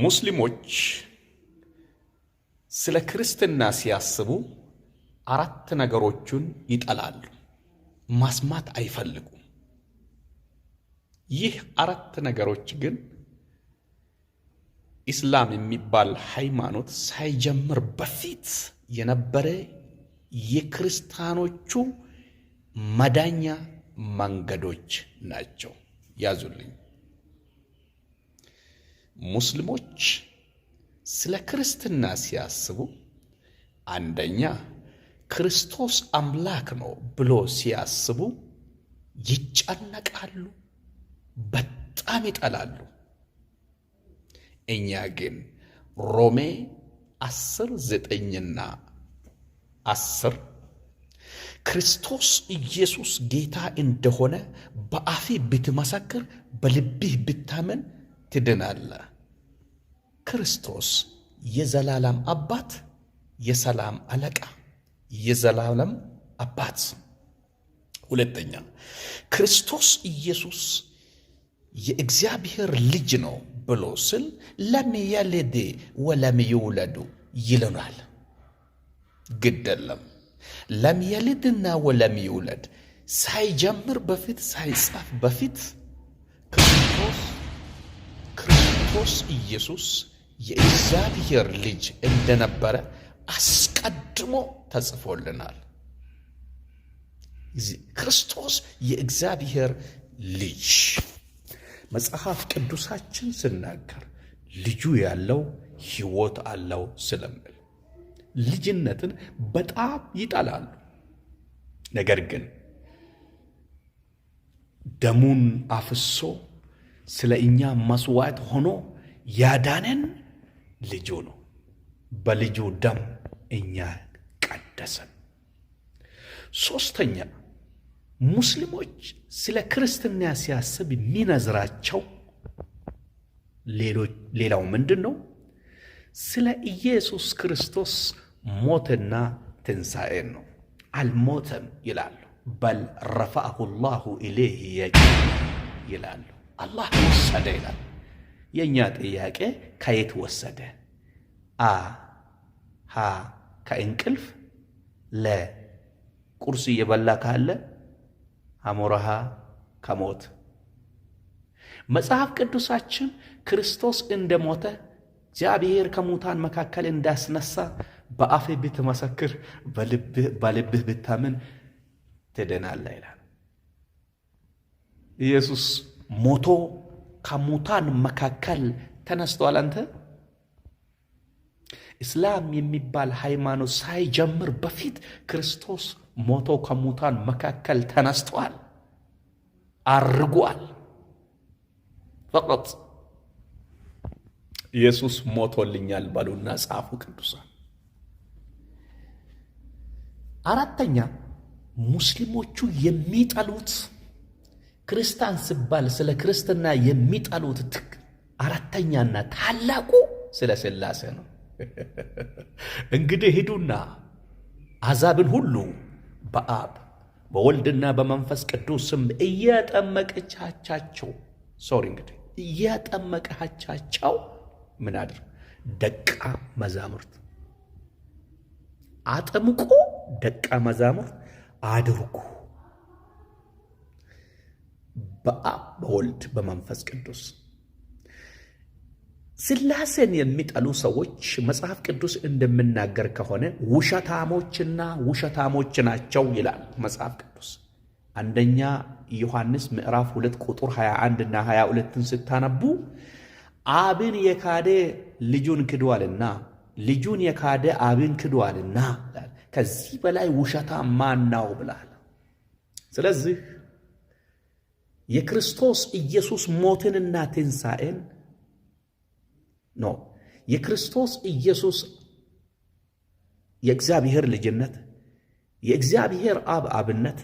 ሙስሊሞች ስለ ክርስትና ሲያስቡ አራት ነገሮቹን ይጠላሉ፣ ማስማት አይፈልጉም። ይህ አራት ነገሮች ግን ኢስላም የሚባል ሃይማኖት ሳይጀምር በፊት የነበረ የክርስቲያኖቹ መዳኛ መንገዶች ናቸው። ያዙልኝ። ሙስሊሞች ስለ ክርስትና ሲያስቡ አንደኛ ክርስቶስ አምላክ ነው ብሎ ሲያስቡ ይጨነቃሉ፣ በጣም ይጠላሉ። እኛ ግን ሮሜ አስር ዘጠኝና አስር ክርስቶስ ኢየሱስ ጌታ እንደሆነ በአፊ ብትመሰክር በልብህ ብታመን ትድናለህ። ክርስቶስ የዘላለም አባት፣ የሰላም አለቃ፣ የዘላለም አባት። ሁለተኛ ክርስቶስ ኢየሱስ የእግዚአብሔር ልጅ ነው ብሎ ስል ለሚየልድ ወለሚውለዱ ይለናል። ግደለም ለሚየልድና ወለሚውለድ ሳይጀምር በፊት ሳይጻፍ በፊት ክርስቶስ ክርስቶስ ኢየሱስ የእግዚአብሔር ልጅ እንደነበረ አስቀድሞ ተጽፎልናል። ክርስቶስ የእግዚአብሔር ልጅ መጽሐፍ ቅዱሳችን ስናገር ልጁ ያለው ሕይወት አለው ስለምል ልጅነትን በጣም ይጠላሉ። ነገር ግን ደሙን አፍሶ ስለ እኛ መስዋዕት ሆኖ ያዳነን ልጁ ነው። በልጁ ደም እኛ ቀደሰን። ሶስተኛ ሙስሊሞች ስለ ክርስትና ሲያስብ የሚነዝራቸው ሌላው ምንድን ነው? ስለ ኢየሱስ ክርስቶስ ሞትና ትንሣኤን ነው። አልሞተም ይላሉ፣ በል ረፋሁ ላሁ ኢሌህ የቂ ይላሉ። አላህ ወሰደ ይላሉ። የእኛ ጥያቄ ከየት ወሰደ? አ ሀ ከእንቅልፍ ለ ቁርስ እየበላ ካለ አሞረሃ ከሞት መጽሐፍ ቅዱሳችን ክርስቶስ እንደ ሞተ እግዚአብሔር ከሙታን መካከል እንዳስነሳ በአፌ ብትመሰክር በልብህ ብታምን ትድናለህ ይላል። ኢየሱስ ሞቶ ከሙታን መካከል ተነስተዋል። አንተ እስላም የሚባል ሃይማኖት ሳይጀምር በፊት ክርስቶስ ሞቶ ከሙታን መካከል ተነስተዋል፣ አርጓል። ፈቀጥ ኢየሱስ ሞቶልኛል ባሉና ጻፉ ቅዱሳን። አራተኛ ሙስሊሞቹ የሚጠሉት ክርስታን ስባል ስለ ክርስትና የሚጠሉት ትክ አራተኛና ታላቁ ስለ ስላሴ ነው። እንግዲህ ሂዱና አዛብን ሁሉ በአብ በወልድና በመንፈስ ቅዱስ ስም እያጠመቀቻቻቸው ሶሪ እንግዲህ እያጠመቀቻቸው ምን አድር ደቀ መዛሙርት አጥምቆ ደቀ መዛሙርት አድርጉ። በአብ በወልድ በመንፈስ ቅዱስ። ስላሴን የሚጠሉ ሰዎች መጽሐፍ ቅዱስ እንደሚናገር ከሆነ ውሸታሞችና ውሸታሞች ናቸው ይላል መጽሐፍ ቅዱስ። አንደኛ ዮሐንስ ምዕራፍ 2 ቁጥር 21 እና 22ን ስታነቡ አብን የካደ ልጁን ክዷልና ልጁን የካደ አብን ክዷልና ከዚህ በላይ ውሸታም ማን ነው ብላል። ስለዚህ የክርስቶስ ኢየሱስ ሞትንና ትንሣኤን ነው። የክርስቶስ ኢየሱስ የእግዚአብሔር ልጅነት፣ የእግዚአብሔር አብ አብነት፣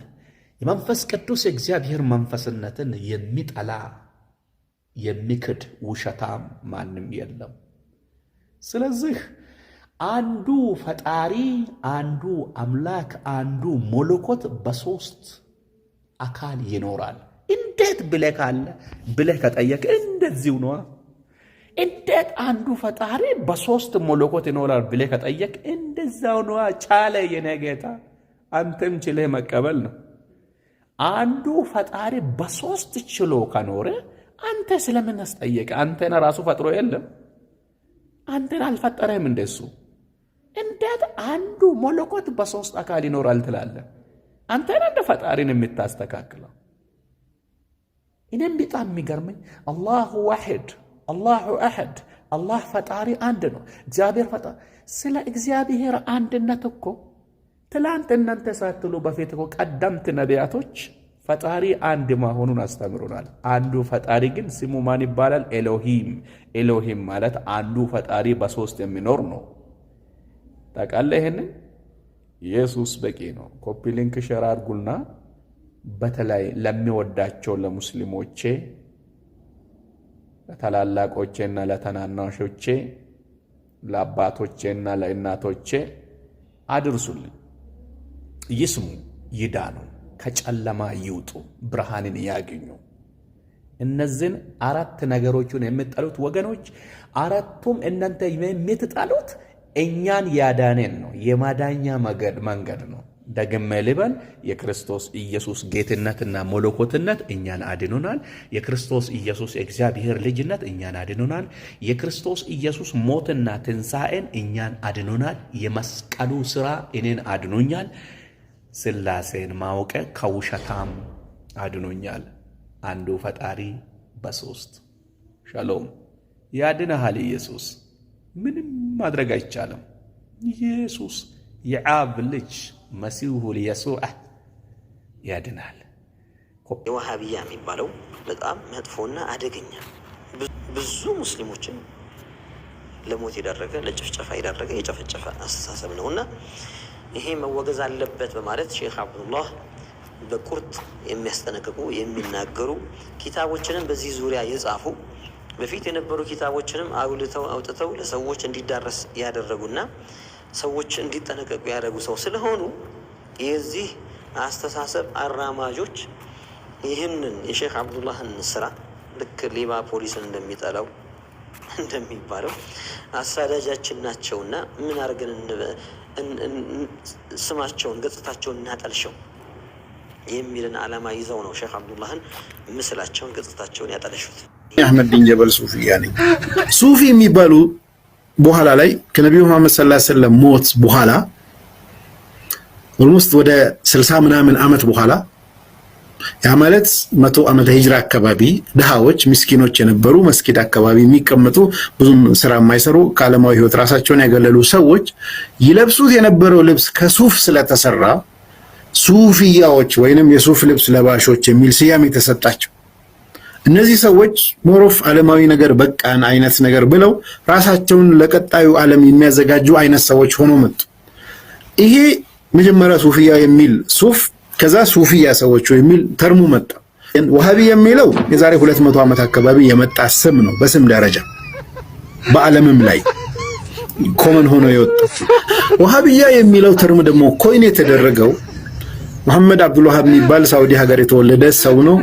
የመንፈስ ቅዱስ የእግዚአብሔር መንፈስነትን የሚጠላ የሚክድ ውሸታም ማንም የለም። ስለዚህ አንዱ ፈጣሪ፣ አንዱ አምላክ፣ አንዱ መለኮት በሦስት አካል ይኖራል። እንዴት ብለህ ካለ ብለህ ከጠየቅ እንደዚሁ ነዋ። እንዴት አንዱ ፈጣሪ በሶስት መለኮት ይኖራል ብለህ ከጠየቅ እንደዛው ነዋ። ቻለ የነገታ አንተም ችለህ መቀበል ነው። አንዱ ፈጣሪ በሶስት ችሎ ከኖረ አንተ ስለምን አስጠየቀ? አንተን ራሱ ፈጥሮ የለም አንተን አልፈጠረህም። እንደሱ እንዴት አንዱ መለኮት በሶስት አካል ይኖራል ትላለ? አንተን እንደ ፈጣሪን የምታስተካክለው እኔም በጣም የሚገርመኝ አላሁ ዋሕድ አላሁ አሐድ አላህ ፈጣሪ አንድ ነው። እግዚአብሔር ፈጣሪ ስለ እግዚአብሔር አንድነት እኮ ትላንት እናንተ ሳትሉ በፊት እኮ ቀደምት ነቢያቶች ፈጣሪ አንድ መሆኑን አስተምሩናል። አንዱ ፈጣሪ ግን ስሙ ማን ይባላል? ኤሎሂም። ኤሎሂም ማለት አንዱ ፈጣሪ በሶስት የሚኖር ነው። ታውቃለህ? ይህንን ኢየሱስ በቂ ነው። ኮፒ ሊንክ ሸር አድርጉና በተለይ ለሚወዳቸው ለሙስሊሞቼ ለታላላቆቼና ለተናናሾቼ ለአባቶቼና ለእናቶቼ አድርሱልኝ። ይስሙ፣ ይዳኑ፣ ከጨለማ ይውጡ፣ ብርሃንን ያግኙ። እነዚህን አራት ነገሮችን የምጠሉት ወገኖች፣ አራቱም እናንተ የምትጠሉት እኛን ያዳኔን ነው፣ የማዳኛ መንገድ ነው። ደግሜ ልበል የክርስቶስ ኢየሱስ ጌትነትና መለኮትነት እኛን አድኖናል። የክርስቶስ ኢየሱስ የእግዚአብሔር ልጅነት እኛን አድኖናል። የክርስቶስ ኢየሱስ ሞትና ትንሣኤን እኛን አድኖናል። የመስቀሉ ሥራ እኔን አድኖኛል። ሥላሴን ማወቀ ከውሸታም አድኖኛል። አንዱ ፈጣሪ በሦስት ሻሎም ያድነሃል። ኢየሱስ ምንም ማድረግ አይቻልም። ኢየሱስ የአብ ልጅ መሲሁ ሊየሱዕ ያድናል። የዋሃብያ የሚባለው በጣም መጥፎና አደገኛ ብዙ ሙስሊሞችን ለሞት የዳረገ ለጭፍጨፋ የዳረገ የጨፈጨፈ አስተሳሰብ ነው እና ይሄ መወገዝ አለበት በማለት ሼክ አብዱላህ በቁርጥ የሚያስጠነቅቁ የሚናገሩ ኪታቦችንም በዚህ ዙሪያ የጻፉ በፊት የነበሩ ኪታቦችንም አውልተው አውጥተው ለሰዎች እንዲዳረስ ያደረጉና ሰዎች እንዲጠነቀቁ ያደረጉ ሰው ስለሆኑ የዚህ አስተሳሰብ አራማጆች ይህንን የሼክ አብዱላህን ስራ ልክ ሌባ ፖሊስን እንደሚጠላው እንደሚባለው አሳዳጃችን ናቸውና ምን አድርገን ስማቸውን፣ ገጽታቸውን እናጠልሸው የሚልን አላማ ይዘው ነው ሼክ አብዱላህን ምስላቸውን፣ ገጽታቸውን ያጠለሹት። አህመድ ድንጀበል ሱፊያ ነኝ። ሱፊ የሚባሉ በኋላ ላይ ከነቢዩ መሐመድ ሰለላሁ ዐለይሂ ወሰለም ሞት በኋላ ኦልሞስት ወደ 60 ምናምን ዓመት በኋላ ያ ማለት መቶ ዓመተ ሂጅራ አካባቢ ድሃዎች፣ ምስኪኖች የነበሩ መስጊድ አካባቢ የሚቀመጡ ብዙም ስራ የማይሰሩ ከዓለማዊ ህይወት ራሳቸውን ያገለሉ ሰዎች ይለብሱት የነበረው ልብስ ከሱፍ ስለተሰራ ሱፍያዎች ወይንም የሱፍ ልብስ ለባሾች የሚል ስያሜ ተሰጣቸው። እነዚህ ሰዎች ሞሮፍ ዓለማዊ ነገር በቃን አይነት ነገር ብለው ራሳቸውን ለቀጣዩ ዓለም የሚያዘጋጁ አይነት ሰዎች ሆኖ መጡ። ይሄ መጀመሪያ ሱፍያ የሚል ሱፍ፣ ከዛ ሱፍያ ሰዎች የሚል ተርሙ መጣ። ወሃቢ የሚለው የዛሬ 200 መቶ ዓመት አካባቢ የመጣ ስም ነው። በስም ደረጃ በዓለምም ላይ ኮመን ሆኖ የወጣ ወሃቢያ የሚለው ተርም ደግሞ ኮይን የተደረገው መሐመድ አብዱልዋሃብ የሚባል ሳውዲ ሀገር የተወለደ ሰው ነው።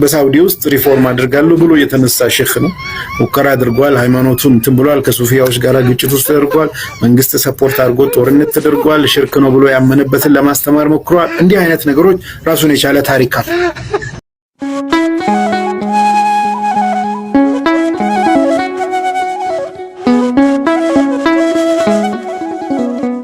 በሳውዲ ውስጥ ሪፎርም አድርጋለሁ ብሎ የተነሳ ሼክ ነው። ሙከራ አድርጓል። ሃይማኖቱን እንትን ብሏል። ከሱፊያዎች ጋር ግጭት ውስጥ ተደርጓል። መንግስት ሰፖርት አድርጎ ጦርነት ተደርጓል። ሽርክ ነው ብሎ ያመነበትን ለማስተማር ሞክሯል። እንዲህ አይነት ነገሮች ራሱን የቻለ ታሪክ አለ።